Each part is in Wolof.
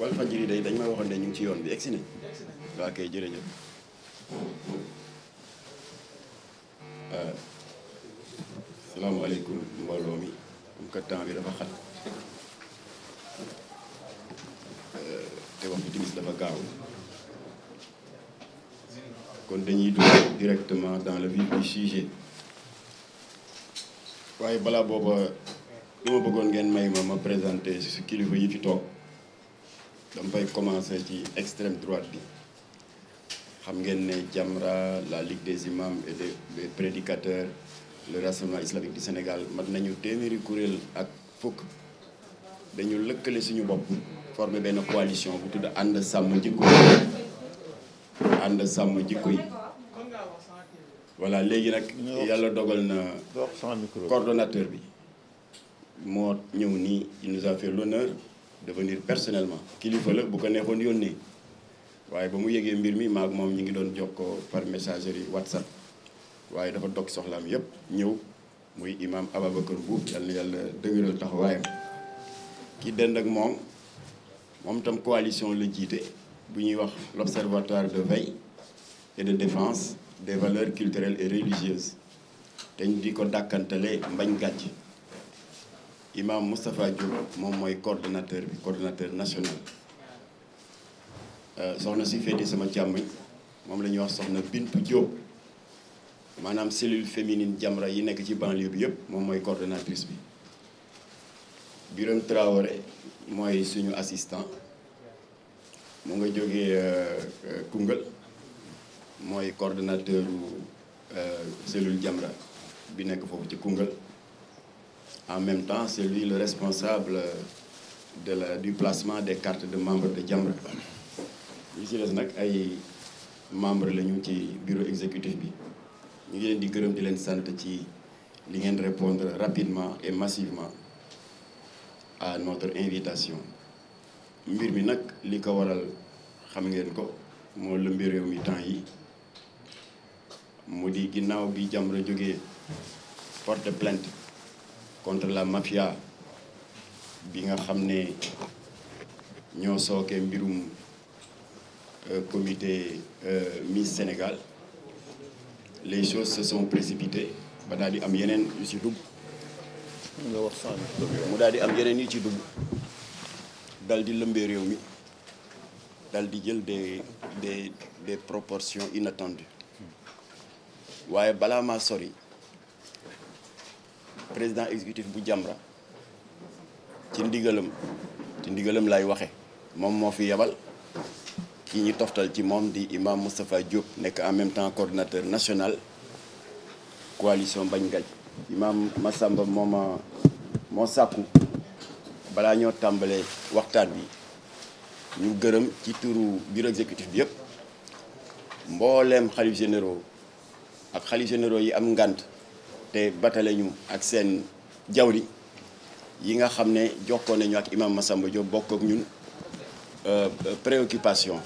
Walfadjri day dañ ma waxoon ne ñu ngi ci yoon bi egsi nañ waa kay jërëjëf euh, salaamaaleykum mbooloo mi comme que temps bi dafa xat euh, te waxtu timis dafa gaaw kon dañuy dugg directement dans le vif du sujet waaye balaa booba lu ma bëggoon ngeen may ma ma si su kilifa yi fi toog dama koy commencer ci extrême droite bi xam ngeen ne Jamra la Ligue des imams et des prédicateurs le rassemblement islamique du Sénégal mat nañu téeméeri kuréel ak fukk dañu lëkkale suñu bopp former benn coalition bu tudd ànd sàmm jikko yi ànd sàmm jikko yi voilà léegi nag yàlla dogal na coordonnateur bi moo ñëw nii il nous l'honneur devenir personnellement kilifa la bu ko yoon yónnee waaye ba mu yëgee mbir mi maak moom ñu ngi doon jokkoo par messagerie whatsapp waaye dafa dog soxlaam yépp ñëw muy imam kër Buub yal na yàlla dëgëral taxawaayam ki dend ak moom moom tam coalition la jiite bu ñuy wax l'observatoire de veille et de défense des valeurs culturelles et religieuses te ñu di ko dàkkantale mbañ gàcc imam Moustapha Diop moom mooy coordonnateur bi coordonnateur national euh, soxna si féete sama càmmoñ moom la ñuy wax soxna Bintu Diop maanaam cellule féminine Jamra yi nekk ci banlieue bi yëpp moom mooy coordonnatrice bi Biram Traoré mooy suñu assistant mu nga jógee euh, euh, Koungheul mooy coordonnateur cellule Jamra bi nekk foofu ci Koungheul En même temps, c'est lui le responsable de la, du placement des cartes de membres de Jamra. ñu ci nag ay membres lañu ci bureau exécutif bi ñu ngi leen di gërëm di leen sant ci li ngeen répondre rapidement et massivement à notre invitation mbir mi nag li ko waral xam ngeen ko moo lëmbi réew mi temps yi mu di ginnaaw bi Jamra jógee porte plainte contre la mafia bi nga xam ne ñoo sooke mbirum euh, comité euh, Miss Sénégal les choses se sont précipitées ba daal di am yeneen yu ci dugg mu daal di am yeneen yu ci dugg dal di lëmbee réew mi dal di jël de de des proportions inattendues waaye balaa maa sori président exécutif bu Jamra ci ndigalam ci ndigalam lay waxe moom moo fi yebal ki ñu toftal ci moom di imam Moustapha Diop nekk en même temps coordinateur national coalition Bañ Ngaaj imam Massamba mooma moo sàkku balaa ñoo tàmbalee waxtaan bi ñu gërëm ci turu bureau exécutif bi yëpp mbooleem xalif généraux ak xalif généraux yi am ngànt te batale ñu ak seen jawri yi nga xam ne jokkoo nañu ak imam Massamba Diop bokk ak ñun euh, préoccupation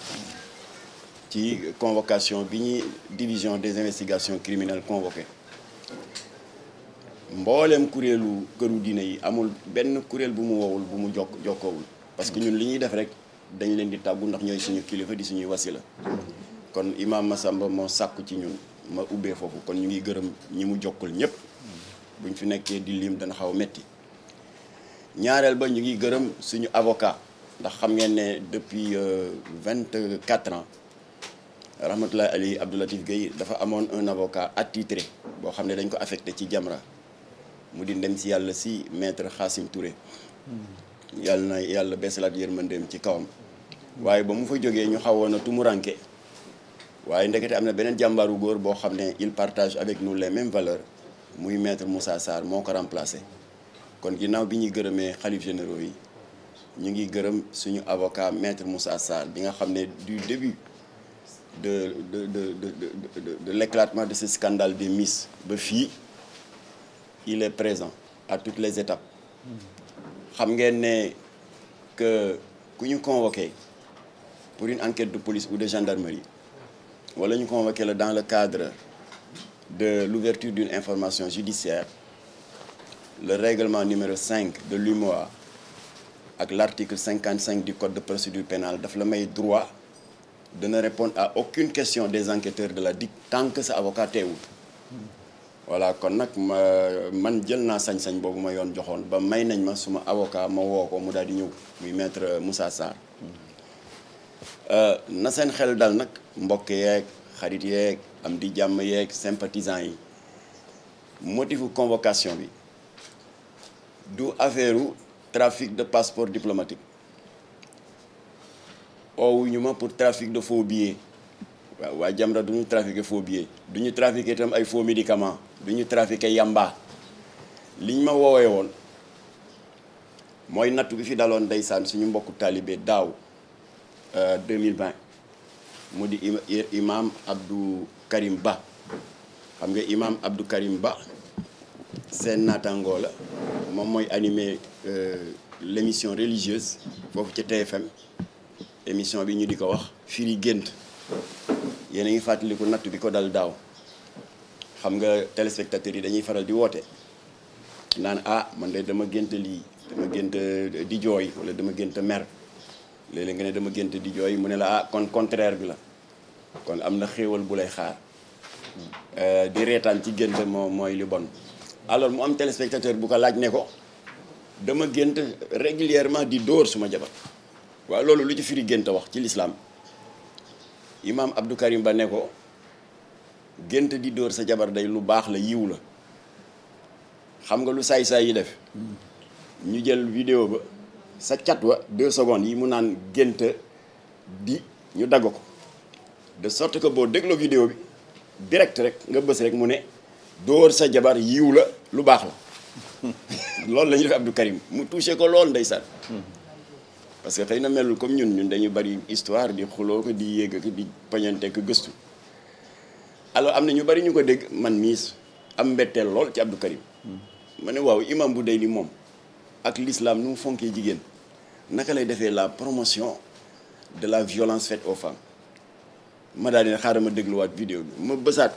ci convocation bi ñuy division des investigations criminelles convoqué mbooleem kuréelu këru diine yi amul benn kuréel bu mu woowul bu mu jokk jokkoowul parce que ñun li ñuy def rek dañ leen di tàggu ndax ñooy suñu kilifa di suñuy wasila kon imam Massamba moo sàkku ci ñun ma ubbee foofu kon ñu ngi gërëm ñi mu jokkul ñëpp ñu fi nekkee di lim dana xaw a metti ñaareel ba ñu ngi gërëm suñu avocat ndax xam ngeen ne depuis euh, vingt quatre ans Rahmatoulaye Ali Abdoulatif Gueye dafa amoon un avocat atitre boo xam ne dañ ko affecté ci Jamra mu di ndem si yàlla si maître Xaasim ture hmm. yàlla na yàlla beesalaat yërmandeem ci kawam waaye ba mu fa jógee ñu xawoon a tumuranke waaye ndekete am na beneen jàmbaaru góor boo xam ne il partage avec nous les mêmes valeurs muy maître Moussa Sarr moo ko remplacé kon ginnaaw bi ñuy gërëmee xalif généraux yi ñu ngi gërëm suñu avocat maître Moussa Sarr bi nga xam ne du début de de de de de de l'éclatement de ce scandale des Miss ba fii il est présent à toutes les étapes xam ngeen ne que ku ñu convoqué pour une enquête de police ou de gendarmerie wala ñu convoqué la dans le cadre de l'ouverture d'une information judiciaire le réglement numéro 5 lu mois ak l'article 55 du code de procédure pénale daf la may droit dana ne répondre à aucune question des enquêteurs de la DIC tant que sa avocat teewul voilà kon nag ma man jël naa sañ-sañ boobu ma yoon joxoon ba may nañ ma suma avocat ma woo ko mu daal di ñëw muy maître Moussa Sarr Euh, na seen xel dal nag mbokk yeeg xarit yeeg am di jàmm yeeg sympathisant yi motifu convocation bi du affaire trafic de passeport diplomatique owuñu ma pour trafic de faux waaw waa Jamra du ñu trafiqué faux billets du ñu trafiqué itam ay faux médicaments du ñu trafiqué yamba liñ ma woowee woon mooy nattu bi fi daloon ndeysaan suñu mbokku taalibe daaw 2020 euh, mu di imam Abdou Karim Ba xam nga imam Abdou Karim Ba seen naataangoo la moom mooy animer euh, l' émission religieuse foofu ci TFM émission bi ñu di ko wax firi gént yéen a ngi fàttaliku nattu bi ko dal daaw xam nga téléspectateurs yi dañuy faral di woote naan ah man de dama gént lii dama gént euh, di jooy wala dama gént mer léeg nga ne dama gént di jooy mu ne la ah kon contraire bi la kon am na xéewal bu lay xaar euh, di reetaan ci gént moo mooy li bon alors mu am téléspectateur bu ko laaj ne ko dama gént régulièrement di dóor suma jabar waaw loolu lu ci firi gént wax ci lislaam imaam Abdou Karim Ba ne ko gént di dóor sa jabar day lu baax la yiw la xam nga lu saay-saay yi def hmm. ñu jël vidéo ba sa cat wa deux secondes yi mu naan gént bi ñu dagg ko de sorte que boo dégloo vidéo bi direct rek nga bës rek mu ne dóor sa jabar yiw la lu baax la loolu la ñu def Abdou Karim mu touché ko lool ndeysaan parce que xëy na melul comme ñun ñun dañu bari histoire di xuloo ko di yéeg ko di pañante ko gëstu alors am na ñu bari ñu ko dégg man miis am mbetteel lool ci Abdou Karim ma ne waaw imam bu day ni moom ak l'islam ni mu fonkee jigéen naka lay defee la promotion de la violence faite aux femmes ma daal di ne xaaral ma dégluwaat vidéo bi ma bësaat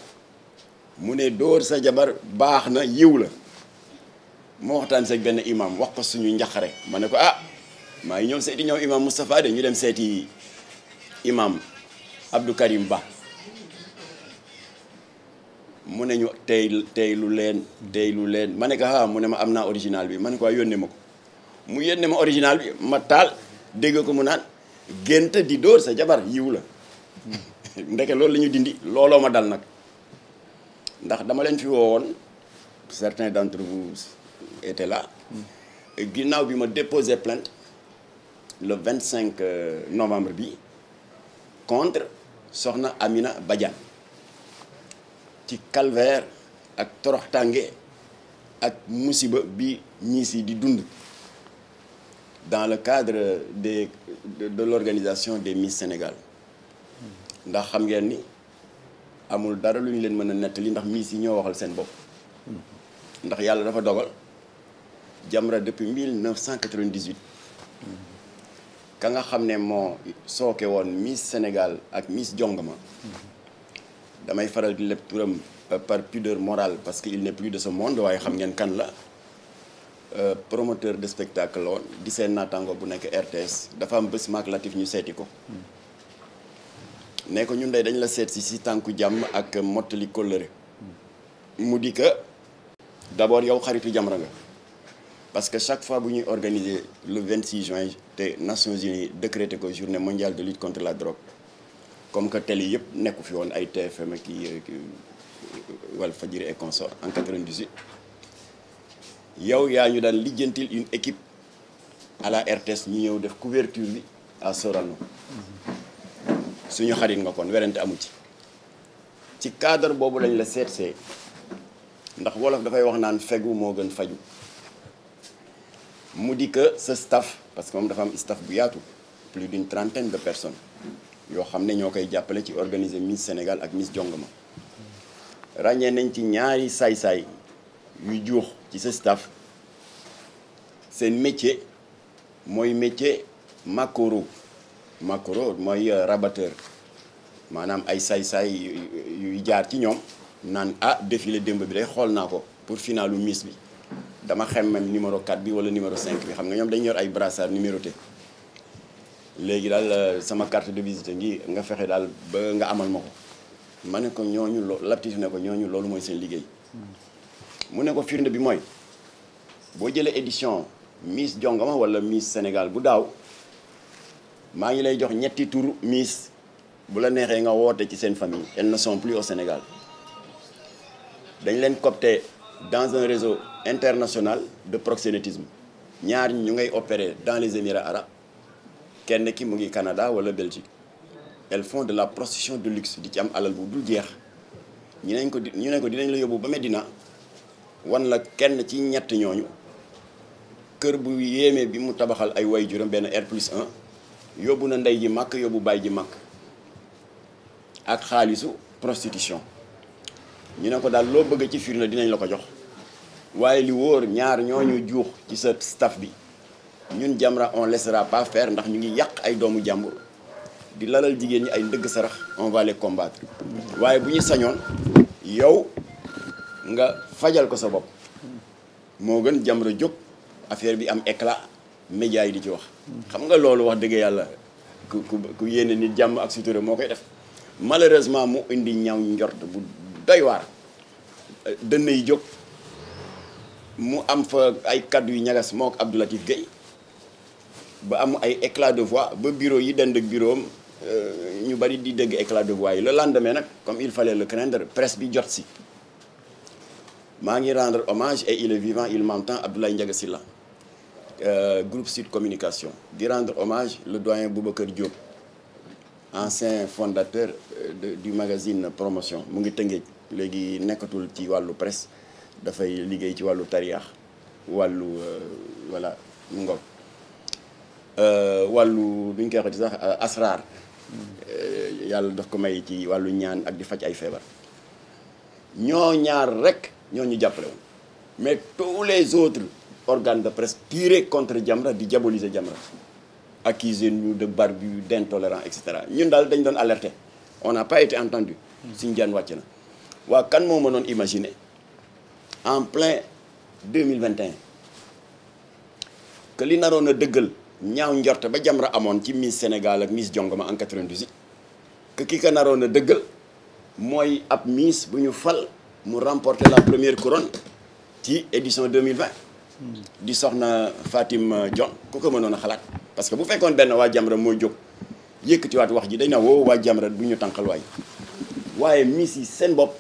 mu ne dóor sa jabar baax na yiw la ma waxtaan seeg benn imam wax ko suñu njaqare ma ne ko ah maa ngi ñëw seeti dem seeti imam Abdou Karim Ba mu ne ñu tey tey lu leen tey lu leen ma ne ko ah, mu ne ma am naa original bi ma ne ko ah, yónnee ma ko. mu yónnee ma original bi ma taal dégg ko mu naan gént di dóor sa jabar yiw la ndeke loolu la ñu dindi looloo ma dal nag ndax dama leen fi woowoon certains d'entre vous étaient là ginnaaw bi ma déposé plainte le cinq euh, novembre bi contre soxna Amina Badiane ci calvaire ak toroxtànge ak musiba bi ñii yi di dund dans le cadre de, de l'organisation des Miss Sénégal ndax xam ngeen ni amul dara lu ñu leen mën a nettali ndax Miss yi ñoo waxal seen bopp ndax yàlla dafa dogal Jamra depuis 1998 ka nga xam ne moo sooke woon Miss Sénégal ak Miss Jongama damay faral di lépp turam par pudeur morale parce que il n'est plus de ce monde waaye xam ngeen kan la Euh, promoteur de spectacle la woon di seen naataango bu nekk RTS dafa am bés maak Latif ñu seeti ko ne ko ñun day dañ la seetsi si si tànku jàmm ak mottali kóllëre mu di que d'abord yow xaritu Jamra nga parce que chaque fois bu ñuy organiser le 26 juin te Nations Unies décrété ko journée mondiale de lutte contre la drop comme que télé yëpp nekku fi woon ay TFM ak i euh, euh, Walfadjri et consort en yow yaa ñu daan lijjantil une équipe à la RTS ñu ñëw def couverture bi à Sorano suñu xarit nga kon werante amu ci ci cadre boobu lañ la seetsee ndax wolof dafay wax naan fegu moo gën faju mu di que sa staff parce que moom dafa am staf bu yaatu plus d'une trentaine de personnes yoo xam ne ñoo koy jàppale ci organiser Miss Sénégal ak Miss Jongama ràññee nañ ci ñaari saay-saay yu juux ci sa staff seen métier mooy métier macoro macoro mooy euh, rabatteur maanaam ay saay-saay yuy jaar ci ñoom naan ah défilé démb bi day xool naa ko pour finalu Miss bi dama xemmem numéro 4 bi wala numéro cinq bi xam nga ñoom dañu yor ay brassard numéroté léegi daal euh, sama carte de visite ngi nga fexe daal ba nga amal ma ko ma ne ko ñooñu lo laptitu ne ko ñooñu loolu mooy seen liggéey hmm. mu ne ko firnde bi mooy boo jëlee édition Miss Jongama wala Miss Sénégal bu daaw maa ngi lay jox ñetti tur Miss bu la neexee nga woote ci seen famille elles ne sont plus au Sénégal dañ leen coopté dans un réseau international de proxénétisme ñaar ñu ngay opérer dans les Émirats arabes kenn ki mu ngi Canada wala Belgique elles font de la procession de luxe di ci am alal bu dul jeex ñu neñ ko ñu ne ko dinañ la yóbbu ba Medina wan la kenn ci ñett ñooñu kër bu yéeme bi mu tabaxal ay way juróom benn R plus 1 yóbbu na ndey ji màkk yóbbu baay ji màkk ak xaalisu prostitution ñu ne ko daal loo bëgg ci firnde dinañ la ko jox waaye li wóor ñaar ñu juux ci sa staff bi ñun Jamra on laissera pas faire ndax ñu ngi yàq ay doomu jàmbur di lalal jigéen ñi ay ndëgg sarax on va waaye bu ñu sañoon yow nga fajal ko sa bopp moo gën Jamra jóg affaire bi am éclat médias yi di ci wax xam nga loolu wax dëgg yàlla ku ku ku yéene nit jàmm ak sutura moo koy def malheureusement mu indi ñaw njort bu doy waar dënn yi jóg mu am fa ay kaddu yu ñagas moo ak Abdou Latif Gueye ba am ay éclat de voix ba bureau yi dend ak bureau euh, ñu bari di dégg éclat de voix yi le lendemain nag comme il fallait le craindre presse bi jot si maa ngi rendre hommage et il est vivant il m'entend Abdoulaye Ndiaga Sylla euh, groupe Sud Communication di rendre hommage le doyen bu Boubacar Diop ancien fondateur euh, de, du magazine Promotion mu ngi Tëngéej léegi nekkatul ci wàllu presse dafay liggéey ci wàllu tariyaax wàllu euh, voilà mu ngoog euh, wàllu duñ koy di sax asraar mm. yàlla daf ko may ci wàllu ñaan ak di faj ay feebar ñoo ñaar rek ñoo ñu jàppale mais tous les autres organes de presque tirés contre Jamra di diaboliser Jamra accuser ñu de barbu d'intolérant et cetera ñun daal dañu doon alerter on n'a pas été entendu hmm. suñ jaan wàcc na waa kan moo mënoon imaginer en plein 2021 que li naroon a dëggal ñaaw njorte ba Jamra amoon ci Miss Sénégal ak Miss Jongoma en 98 que ki ko naroon a dëggal mooy ab miss bu ñu fal mu remporter la première couronne ci édition 2020 di soxna Fatim Dione ku ko mënoon xalaat parce que bu fekkoon benn waa Jamra mooy jóg yëkkatiwaat wax ji dañ na woo waa Jamra bu ñu tànqal waay waaye miss yi seen bopp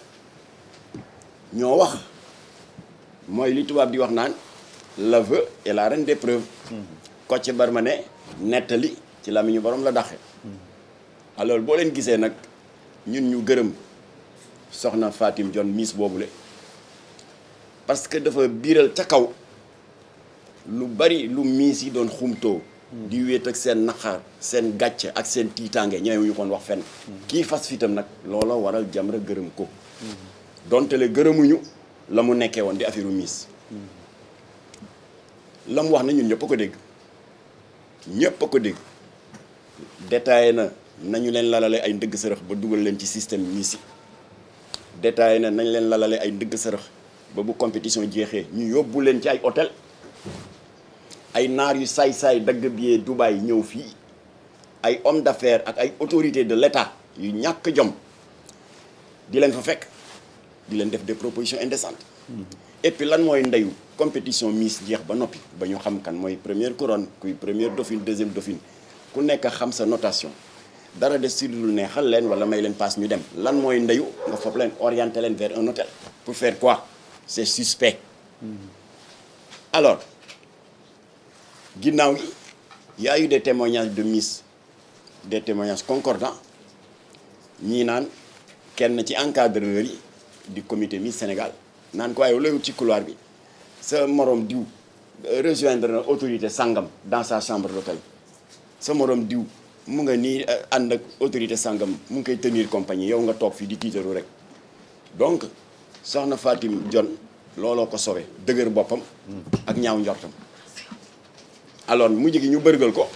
ñoo wax mooy li tubaab di wax naan l'aveu et la reine des preuves Kocc Barma nettali ci làmmiñu borom la daxe hmm. alors boo leen gisee nag ñun ñu gërëm soxna Fatim Dione miss boobule parce que dafa biiral ca kaw lu bari lu miis yi doon xumtoo di wéet ak seen naqar seen gàcce ak seen tiitaange ñeewuñu koon wax fenn kii fas fitam nag loola waral Jamra gërëm ko donte le gërëmuñu la mu nekkee woon di affaire miis la mu wax na ñun ñëpp a ko dégg ñëpp a ko dégg détaillé na nañu leen lalale ay ndëgg sërëx ba dugal leen ci système ñii si détaillé na nañ leen lalale ay ndëgg sërëx ba bu compétition jeexee ñu yóbbu leen ci ay hôtel ay naar yu saay-saay dagg billet Dubaï ñëw fii ay homme d'affaires ak ay autorité de l'État yu ñàkk jom di leen fa fekk di leen def de propositions indécentes éppi mm-hmm. lan mooy ndeyu compétition Miss jeex ba noppi ba ñu xam kan mooy première couronne kuy première dauphine deuxième dauphine ku nekk xam sa notation dara des si dul neexal leen wala may leen paas ñu dem lan mooy ndeyu nga foog leen orienter leen vers un hôtel pour faire quoi c'est suspect hmm. alors ginnaaw yi y a eu des témoignages de Miss des témoignages concordants ñii naan kenn ci encadreur yi du comité Miss Sénégal naan ko waaye loolu ci couloir bi sa morom diw rejoindre na autorité sangam dans sa chambre d'hôtel sa morom diw mu nga nii eh, ànd ak autorité sangam mu ngi koy tenir compagnie yow nga toog fii di tiitaru rek donc soxna faatim Jon looloo ko sowe dëgër boppam ak ñaaw njortam alors mujj gi ñu bërgal ko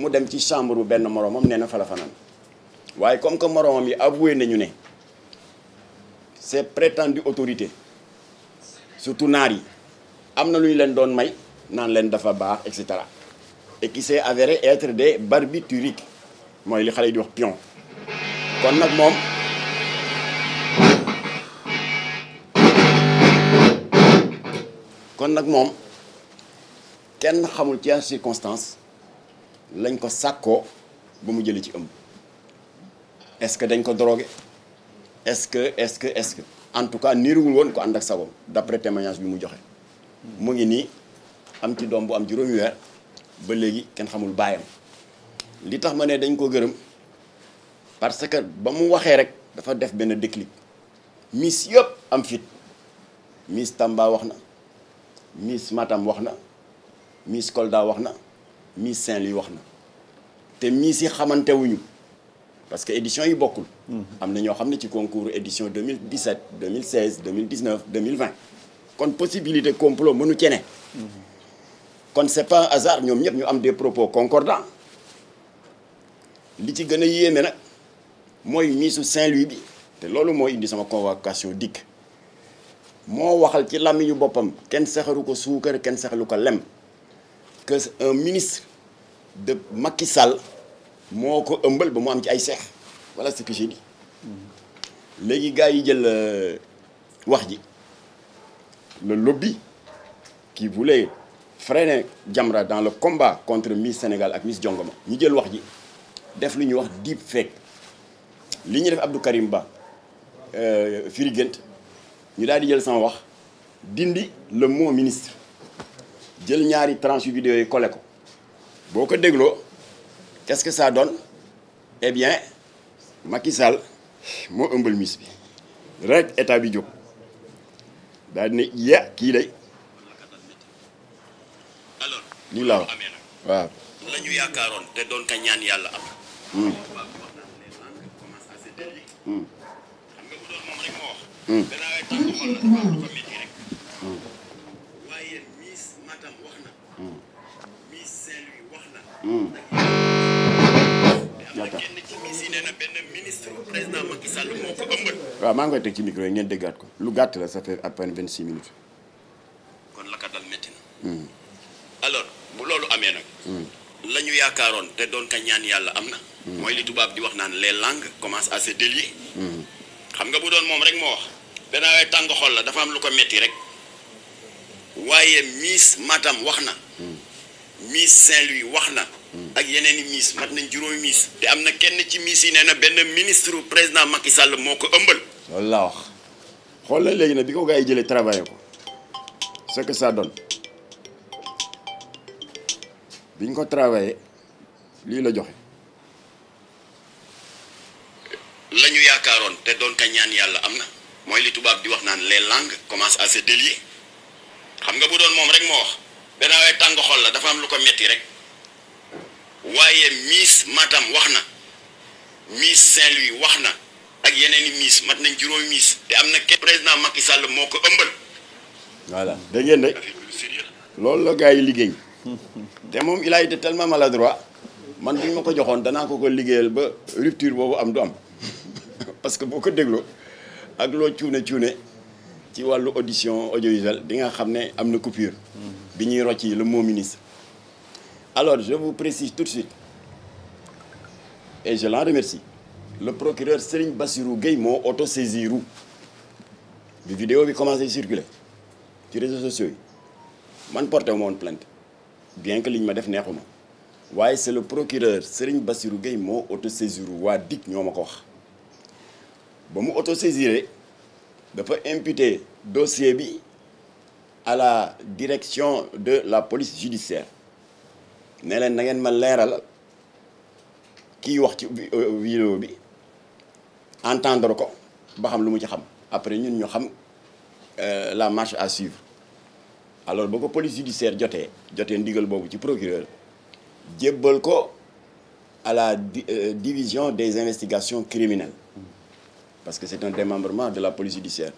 mu dem ci chambre bu benn moroomam nee na fa la fanaan waaye comme que moroomam yi avoué nañu ne c'est prétendu autorité surtout naar yi am na lu ñu leen doon may naan leen dafa baax et cetera et qui s'est avéré être des mooy li xale yi di wax pion kon nag moom kon nag moom kenn xamul ci circonstance lañ ko sàkkoo ba mu jëlee ci ëmb est-ce que dañ ko drogué est-ce que est-ce que est-ce en tout cas niiruwul woon ko ànd ak sagoom d'après témoignage bi mu joxe mu ngi nii am ci doom bu am juróomi weer ba léegi kenn xamul baayam li tax ma ne dañ ko gërëm parce que ba mu waxee rek dafa def benn déclic miss yëpp am fit miss Tamba wax na miss Matam wax na miss Kolda wax na miss Saint-Louis wax na te miss yi xamante wuñu parce que édition yi bokkul. Mm-hmm. am na ñoo xam ne ci concours édition 2017 2016 mil 2020 kon possibilité complot mënu cene kon c'est pas un ñoom ñëpp ñu am des propos concordants li ci gën a yéeme nag mooy miisu Saint-Louis bi te loolu moo indi sama convocation dikk moo waxal ci làmmiñu boppam kenn saxaru ko suukar kenn sexalu ko lem que un ministre de Macky Sall moo ko ëmbal ba mu am ci ay seex voilà ce que j'ai dit léegi gars yi jël euh, wax ji le lobby qui voulait freiner Jamra dans le combat contre Miss Sénégal ak Miss Jongoma ñu jël wax ji def lu ñuy wax deep fake li ñu def Abdou Karim Ba euh, firi gént ñu daal di jël sama wax dindi le mot ministre jël ñaari tranche yu vidéo yi collé ko boo ko dégloo qu'est-ce que ça donne eh bien Macky moo ëmbal miss bi rek état bi jóg daal ne ya kii day lii laa wax yaakaaroon te doon ka yàlla am. Hmm. Hmm. xam nga bu doon moom rek moo wax. Hmm. gannaaw ay tànk xool la dafa am métti rek. ci Miss yi maa ngi teg ci micro yi ngeen déggaat ko lu gàtt la ça fait à peine vingt kon la ka dal métti na. la ñu yaakaaroon te doon ka ñaan yàlla am na. mooy li tubaab di wax naan les langues commencent à se délier. xam nga bu doon moom rek moo wax. benn waaye tàng xol la dafa am lu ko metti rek waaye Miss Matam wax na. miis Saint-Louis wax na. ak yeneen yi miss mat nañ juróomi miis te am na kenn ci miis yi nee na benn ministre président Macky Sall moo ko ëmbal. loolu laa wax xool la léegi nag bi ko gars yi jëlee travaillé ko ce que ça donne. biñ ko travaillé lii la joxe. lañu yaakaaroon te doon kañaan yàlla am na mooy li tubaab di wax naan les langues commencent à se délier xam nga bu doon moom rek moo wax benn waaye tàng xol la dafa am lu ko metti rek waaye Miss Matam wax na Miss Saint-Louis wax na ak yeneen yi Miss mat nañ juróomi Miss te am na kenn président Macky Sall moo ko ëmbal. voilà dégg ngeen de loolu la gaa yi liggéey. te moom il a été tellement maladroit man bu ñu ma ko joxoon danaa ko ko liggéeyal ba rupture boobu am du am parce que boo ko dégloo ak loo cuune cuune ci wàllu audition audiovisuelle di nga xam ne am na coupure. bi ñuy rocc le moo ministre. alors je vous précise tout de suite et je l'en remercie le procureur Serigne Bassirou Gueye moo auto-saisiru bi vidéo bi commencé circuler ci réseaux sociaux yi man porté wu ma bien que liñ ma def neexuma waaye c'est le procureur Serigne Bassirou Gueye moo auto autosaisir waa DIC ñoo ma ko wax ba mu auto autosaisiré dafa imputer dossier bi à la direction de la police judiciaire ne leen na ngeen ma leeral kiy wax ci euh, vidéo bi entendre ko ba xam lu mu ci xam après ñun ñu xam euh, la marche à suivre alors boo ko police judiciaire jotee jotee ndigal boobu ci procureur jébbal ko à la euh, division des investigations criminelles parce que c'est un démembrement de la police judiciaire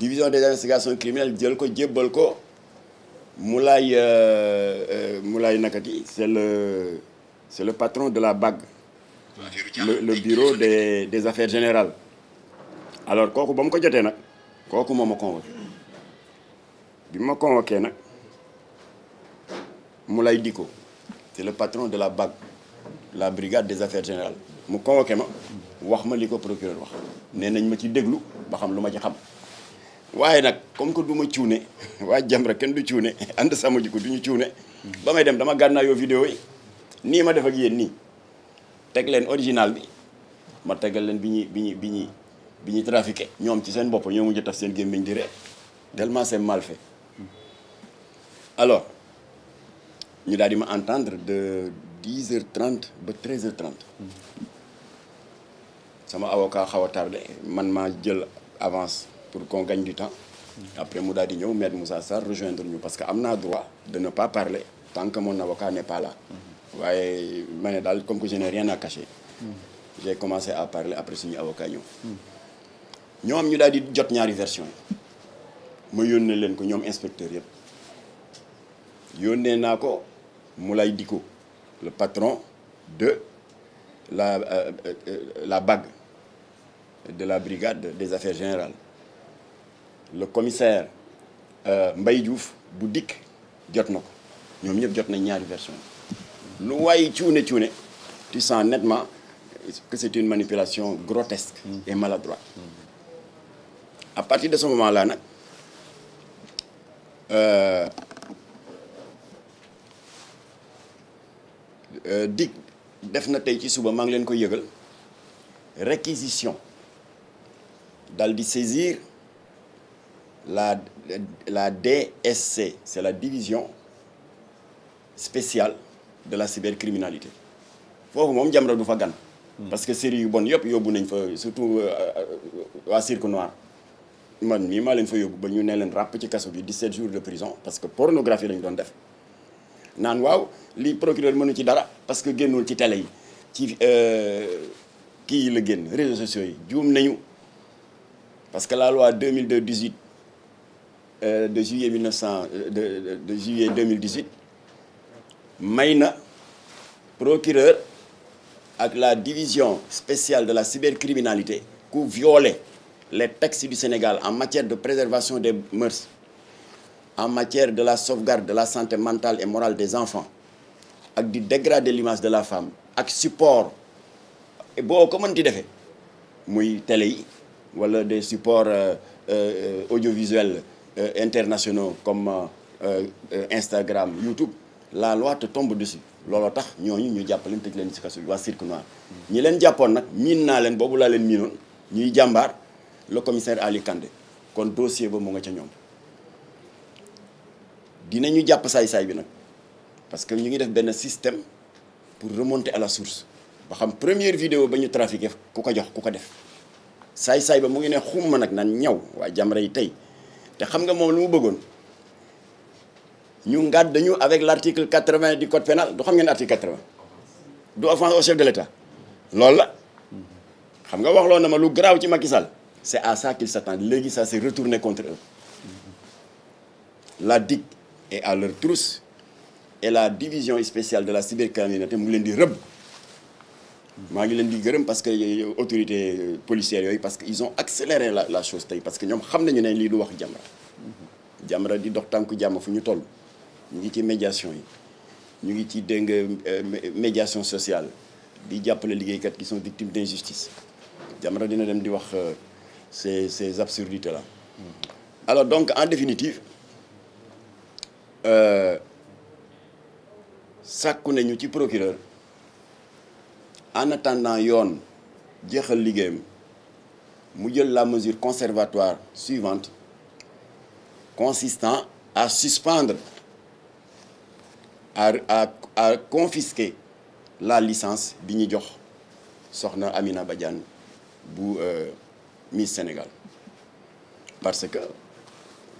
division des investigations criminelles jël ko jébbal ko Moulay euh, euh, Moulay Nakati c'est le c'est le patron de la BAG le, le bureau des des affaires générales alors kooku ba mu ko jotee nag kooku moom ma convoqué bi ma convoqué nag mu Moulay Diko c'est le patron de la BAG la brigade des affaires générales mu convoqué ma wax ma li ko procureur wax nee nañ ma ci déglu ba xam lu ma ci xam waaye nag comme que du ma cuune waa rek kenn du cuune ànd sama jikko du ñu cuune ba may dem dama gànnaa yoo vidéo yi nii ma def ak yéen nii teg leen original bi ma tegal leen bi ñuy bi ñuy bi ñuy bi ñuy trafiqué ñoom ci seen bopp ñoo mujj taf seen gémmiñ di ree tellement c'est alors ñu daal di ma entendre de dix heures trente ba treis heures trente sama avocat xaw a man maa jël avance pour qu'on gagne du temps après mu daal di ñëw maître Moussa Sarr rejoindre ñu parce que am naa droit de ne pas parler tant que mon avocat n'est pas là waaye ma ne daal comme que je n'ai rien à cacher j'ai commencé à parler après suñu avocat ñëw ñoom ñu daal di jot ñaari version yi ma yónnee leen ko ñoom inspecteur yëpp yónnee naa ko Moulay Diko le patron de la euh, euh, euh la BAG de la brigade des affaires générales le commissaire euh, mbay Diouf bu dikk jot na ko ñoom ñëpp jot na ñaari version lu waaye cuune cuune tu sens nettement que c'est une manipulation grotesque mm. et maladroite à partir de ce moment-là nag Euh, DIC def na tey ci suba maa ngi leen ko yëgal réquisition dal di saisir la la DSC c'est la division spéciale de la cybercriminalité foofu moom Jamra du fa gan hmm. parce que série yu bon yëpp yóbbu nañ fa surtout euh, euh, waa cirque noir man mii maa leen fa yóbbu ba ñu ne leen ràpp ci kaso bi 17 jours de prison parce que pornographie lañu doon def naan waaw li procureur mënu ci dara parce que génnul ci télé yi ci euh, kii la génn réseaux sociaux yi juum nañu parce que la loi 2002 18 euh, de juillet 1900 euh, de, de, de juillet 2018 may na procureur ak la division spéciale de la cybercriminalité ku violer les textes du Sénégal en matière de préservation des mœurs en matière de la sauvegarde de la santé mentale et morale des enfants ak di dégrader l'image de la femme ak support boo ko mënti defee muy tele yi wala des supports euh, euh, audiovisuels euh, internationaux comme Instagram YouTube la loi te tombe dessus looloo tax ñooñu ñu jàpp leen tëj leen ci kaso bi waa cirque noir ñi leen jàppoon nag miin naa leen boobu laa leen miinoon ñuy jàmbaar le commissaire Ali Kandé kon dossier ba mu nga ca ñoom dinañu jàpp saay-saay bi nag parce que ñu ngi def benn système pour remonter à la source ba xam première vidéo ba ñu trafiqué ku ko jox ku ko def saay-saay ba mu ngi ne ma nag naan ñaw waa Jamra yi tey te xam nga moom lu mu bëggoon ñu ngaat dañu avec l' quatre vingt di code pénal du xam ngeen article 80 du offense au chef de l' état la xam nga waxloo na ma lu garaaw ci Macky Sall est à ça qu'ils léegi sa s'est retourné contre eux la DIC est à leur et la division spéciale de la cybercriminalité mu ngi leen di rëbb maa ngi leen di gërëm parce que autorités policières yooyu parce que ils ont accéléré la la tey parce que ñoom xam nañu ne lii du wax Jamra Jamra di dox tànku jàmm fu ñu toll ñu ngi ci médiation yi ñu ngi ci dégg euh, médiation sociale di jàppale liggéeykat qui sont victimes d'injustice Jamra dina dem di wax euh, ces ces absurdités là hmm. donc en définitive euh, sàkku nañu ci procureur en attendant yoon jeexal liggéeyam mu jël la mesure conservatoire suivante consistant à suspendre à confisquer la licence bi ñu jox soxna Amina Badiane bu euh, Miss Sénégal parce que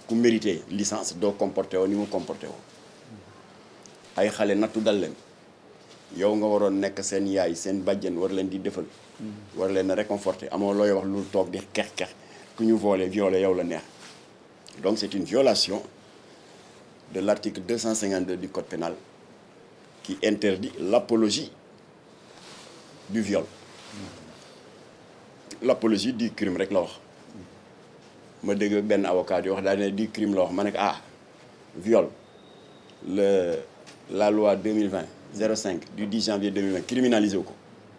ku mérité licence doo comporté woo ni mu comporté woo ay xale nattu dal leen yow nga waroon nekk seen yaay seen bàjjen war leen di defal. Mm-hmm. war leen a réconforter amoo looy wax lu toog di kex kex ku ñu volé violé yow la neex donc c'est une violation de l'article 252 du code pénal qui interdit l'apologie du viol mm-hmm. l'apologie di crime rek la wax mm-hmm. ma dégg benn avocat di wax daal ne du crime la wax ma ne ah viol la loi mille vingt 2020 05 du 10 janvier 2020 criminalisé wu ko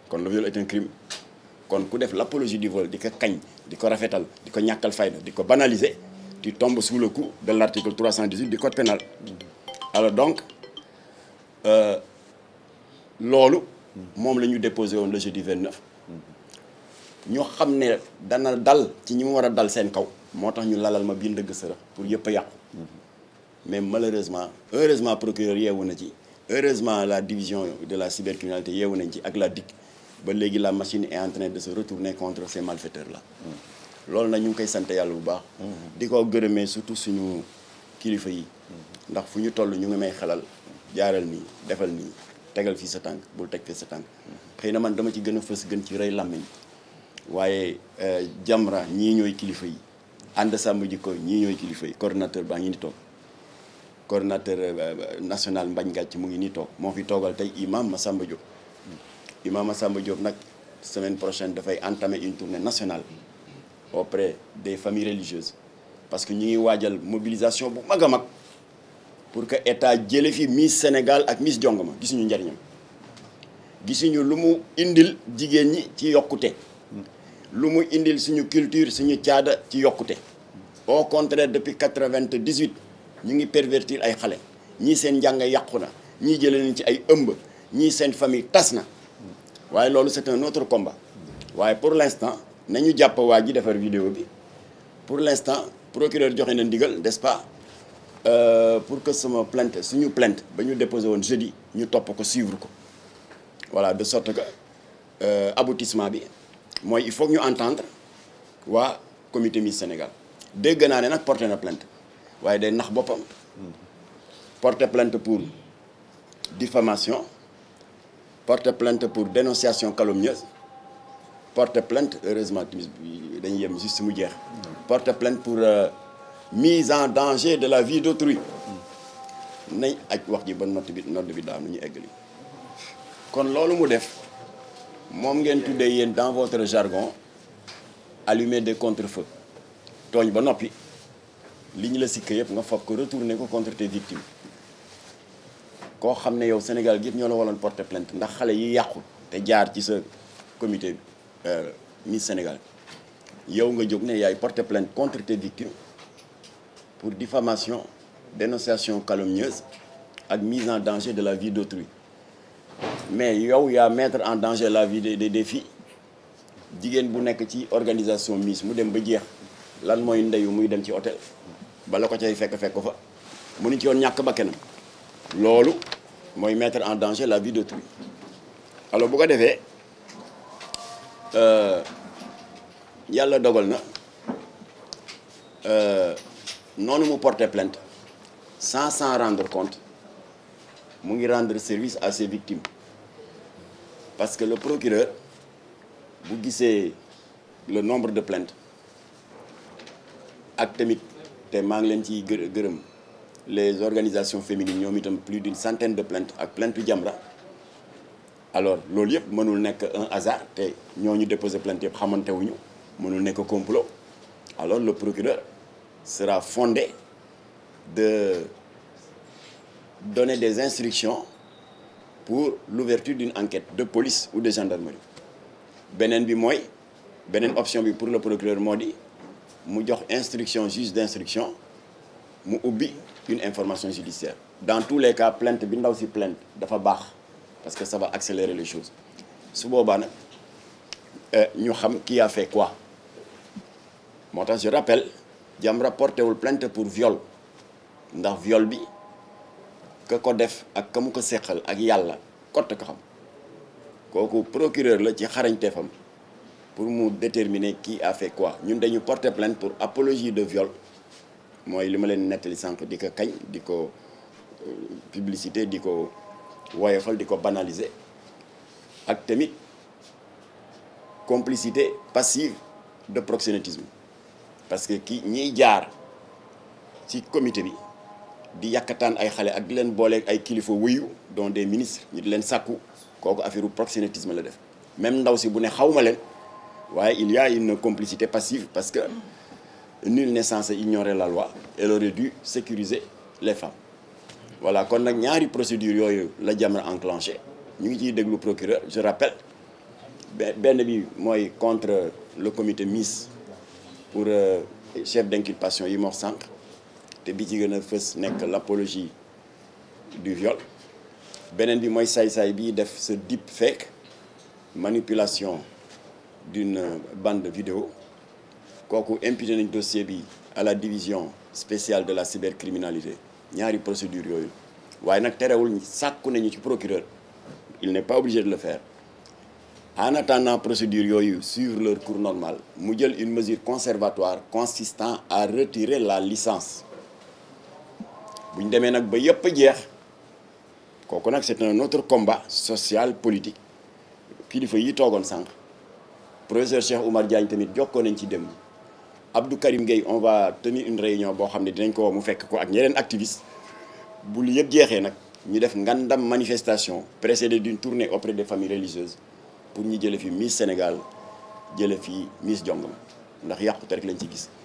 kon le viol est un crime kon ku def l'apologie du vole di ko kañ di ko rafetal di ko ñàkkal fayda di ko banaliser tu tombes sous le coup de di 318 du code pénal alors donc euh, loolu moom la ñu déposé woon le jeudi 29 ñu xam ne dana dal ci ñi mu war a dal seen kaw moo tax ñu lalal ma biir ndëgg sërëx pour yëpp a yàqu mais malheureusement heureusement procureur yeewu na ci heureusement la division de la cybercriminalité yeewu nañ ci ak la DIC ba léegi la machine est en de se retourner contre ces malfaiteurs là mm. loolu nag ñu ngi koy sant yàlla bu baax mm-hmm. di ko gërëmee surtout suñu kilifa yi mm-hmm. ndax fu ñu toll ñu ngi may xelal jaaral nii defal nii tegal fii sa tànk bul teg fii sa tànk mm-hmm. xëy na man dama ci gën a fës gën ci rey làmmiñ waaye euh, Jamra ñii ñooy kilifa yi ànd sàmm jikko ñii ñooy kilifa yi coordonnateur baa ngi ni toog cordinateur euh, euh, national Mbagne Gàcc mu ngi nii toog moo fi toogal tey imam Massamba Diop imam Massamba Diop nag semaine prochaine dafay entamer une tournée nationale auprès des familles religieuses parce que ñu ngi waajal mobilisation bu mag a mag pour que état jële fi Miss Sénégal ak Miss Jongoma gisuñu njariñam gisuñu lu mu indil jigéen ñi ci yokkute lu mu indil suñu culture suñu caada ci yokkute au contre depuis quatre-vingt-dix-huit ñu ngi pervertir ay xale ñii seen njàng yàqu na ñii jëlee nañ ci ay ëmb ñii seen famille tas na waaye loolu c'est un autre combat waaye pour l'instant nañu jàpp waa ji defar vidéo bi pour l'instant procureur joxe na ndigal n'est-ce pas euh, pour que sama plainte suñu plainte ba ñu déposé woon jeudi ñu topp ko suivre ko voilà de sorte que euh, aboutissement bi mooy il faut ñu entendre waa comité Miss Sénégal dégg naa ne nag porté na plainte waaye day nax boppam porter plainte pour diffamation porte plainte pour dénonciation calomnieuse porter plainte heureusement dañ dañuy yem juste mu jeex porte plainte pour euh, mise en danger de la vie d'autrui nañ ak wax ji ba nodd bi nodd bi daanu ñu eggali kon loolu mu def moom ngeen tuddee yéen dans votre jargon allumer des contre-feux tooñ ba noppi li ñu la sikk yëpp nga fab ko retourné ko contre tes victimes koo xam ne yow Sénégal gi ñoo la waroon porter plainte ndax xale yi yàqu te jaar ci sa comité euh, Miss Sénégal yow nga jóg ne yaay porter plainte contre tes victimes pour diffamation dénonciation calomnieuse ak mise en danger de la vie d'autrui mais yow yaa mettre en danger la vie des des filles jigéen bu nekk ci organisation Miss mu dem ba jeex lan mooy ndeyu muy dem ci hôtel bala ko cay fekk fekk ko fa mënuñ ci woon ñàkk bakkanam loolu mooy mettre en danger la vie d'autrui alors bu ko defee euh, yàlla dogal na euh, noonu mu porter plainte sans s'en rendre compte mu ngi rendre service à ses parce que le procureur bu gisee le nombre de plaintes ak tamit te maa ngi leen ciy gërëm les organisations féminines ñoom itam plus d'une centaine de plaintes ak plainte Jamra alors loolu yëpp mënul nekk un hasard te ñoo ñu déposé plainte yëpp xamante wuñu mënul nekk complot alors le procureur sera fondé de donner des instructions pour l'ouverture d'une enquête de police ou de gendarmerie beneen bi mooy beneen option bi pour le procureur moo di mu jox instruction juge d'instruction mu ubbi une information judiciaire dans tous les cas plainte bi ndaw si plainte dafa baax parce que ça va accélérer les choses su boobaa nag euh, ñu xam qui a fait quoi moo tax je rappelle jam rapporté wul plainte pour viol ndax viol bi ka ko def ak ka mu ko seqal ak yàlla kott ko xam kooku procureur la ci xarañteefam pour mu déterminer qui a fait quoi ñu dañu porter plainte pour apologie de viol mooy li ma leen nettali sànq di ko kañ di ko euh, publicité di ko woyofal di ko banaliser ak tamit complicité passive de proxénétisme parce que ki ñiy jaar ci comité bi di yàkkataan ay xale ak di leen boole ay kilifa wuyu dont des ministres ñu di leen sàkku kooku affaire proxénétisme la def même ndaw si bu ne xaw ma leen waaye ouais, il y a une complicité passive parce que nul n'est censé ignorer la loi elle aurait dû sécuriser les femmes voilà kon nag ñaari procédure yooyu la Jamra enclenché ñu ngi ciy déglu procureur je rappelle benn bi mooy contre le comité Miss pour euh, chef d'inculpation yi moo sànq te bi ci gën a fës nekk l'apologie du viol beneen bi mooy saay-saay bi def ce deepfake manipulation d'une bande vidéo kooku imputé nañ dossier bi à la division spéciale de la cybercriminalité ñaari procédure yooyu waaye nag terewul sàkku nañu ci procureur il n'est pas obligé de le faire en attendant procédure yooyu suivre leur cours normal mu jël une mesure conservatoire consistant à retirer la licence buñ demee nag ba yëpp a jeex kooku nag c'est un autre combat social politique kilifa yi toogoon sànq professeur Cheikh Oumar Diagne tamit jokkoo nañ ci dem Abdou Karim Gueye on va tenir une réunion boo xam ne dinañ ko mu fekk ko ak ñeneen activiste bul li yëpp jeexee nag ñu def ngandam manifestation précédée d'une tournée auprès des familles religieuses pour ñu jële fi Miss Sénégal jële fi Miss Jongama ndax yàqute rek lañ ci gis